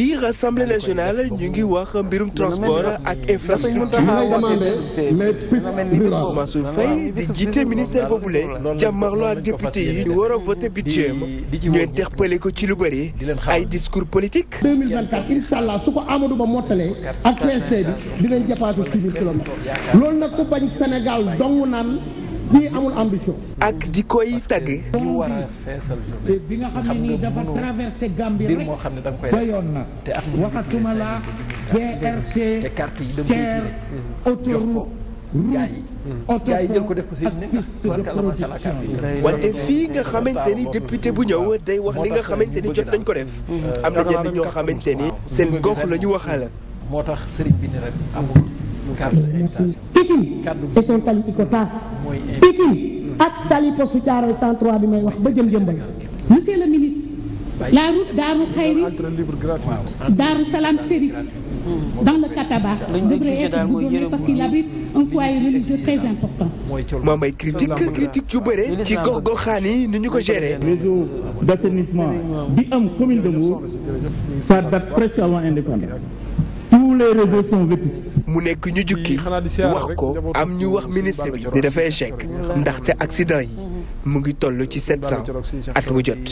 biir assemblée nationale ñu ngi wax mbirum transport ak infrastructure Mansour Faye di jiite ministère boobule jàmmarloo ak député yi ñu war a voté budget ñu interpellé ko ci lu bëri ay discours politique 2024 incha su ko Amadou Ba mottalee ak PSD bi dinañ dépassé 6 000 kilomètres loolu nag ku bañ Sénégal dong naan kii amul ambition. ak di koy tagg. ñu war a feesal journée bi nga xam ne nii dafa traversé Gambie rek moo xam ne da nga koy bayoon na te at waxatuma la BRT te carte yi dem autoroute gaa yi gaa yi jël ko def ko seen nekk wante fii nga xamante ni député bu ñëw day wax li nga xamante ni jot nañ ko def. am na ñenn ñoo xamante ni seen gox la ñu waxal. moo tax sëriñ bi ne rek amul carte Pikine te soo tali Icotaf Pikine ak tali postu Thiaroye 103 bi may wax ba jëm jëmbal monsieur le ministre la route Darou Khayri Darou Salam Chérif hmm. dans le Kataba devrait être gouvernée parce qu'il abrite un foyer religieux très important. moom ay critique critique yu bëre ci gox goxaan yi ñu ko gérer. réseau d' assainissement bi am commune de Mbour ça presque avant indépendance tous les réseaux sont vétustes. mu nekk ñu jukki wax ko am ñu wax ministre bi di dafa échec ndaxte accident yi mu ngi toll ci sept cent at mu jot